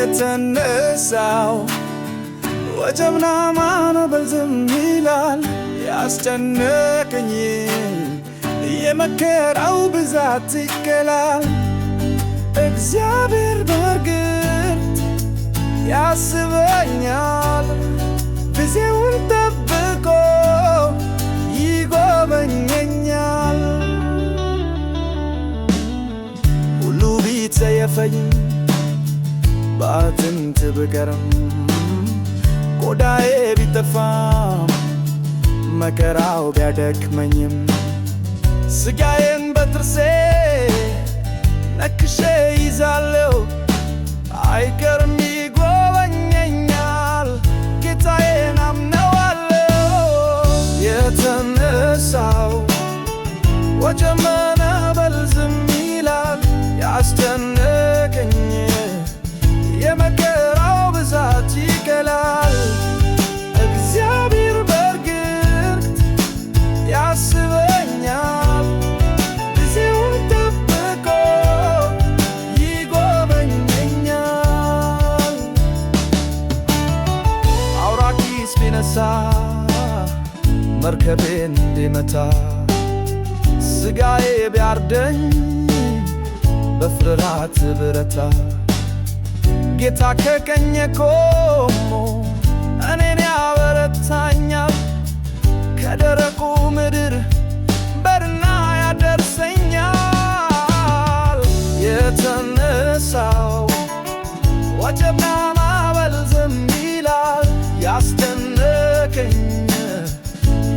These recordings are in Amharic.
የተነሳው ወጀብና ማዕበል ዝም ይላል። ያስጨነቀኝ የመከራው ብዛት ይገላል። እግዚአብሔር በእርግጥ ያስበኛል። ጊዜውን ጠብቆ ይጎበኘኛል። ሁሉ ቢትዘየፈኝ ጥፋትንት ብገርም ቆዳዬ ቢተፋም መከራው ቢያደክመኝም ስጋዬን በትርሴ ነክሼ ይዛለው አይቀርም ሲነሳ መርከቤን እንዲመታ ሥጋዬ ቢያርደኝ በፍርሃት ብረታ ጌታ ከቀኘኮ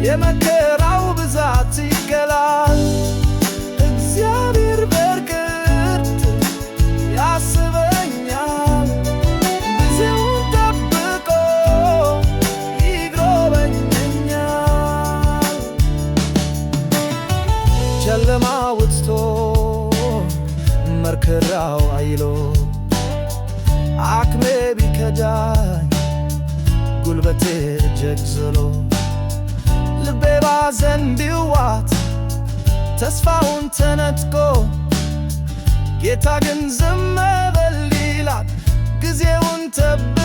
የመከራው ብዛት ሲገላል እግዚአብሔር በእርግጥ ያስበኛል፣ ብዙውን ጠብቆ ይጎበኘኛል። ጨለማ ውጥቶ መርከራው አይሎ አክሜ ቢከዳኝ ጉልበቴ ጀግዝሎ ልቤ ባዘን ቢዋት ተስፋውን ተነጥቆ ጌታ ግን ዝም በል ይላል ጊዜውን ተብ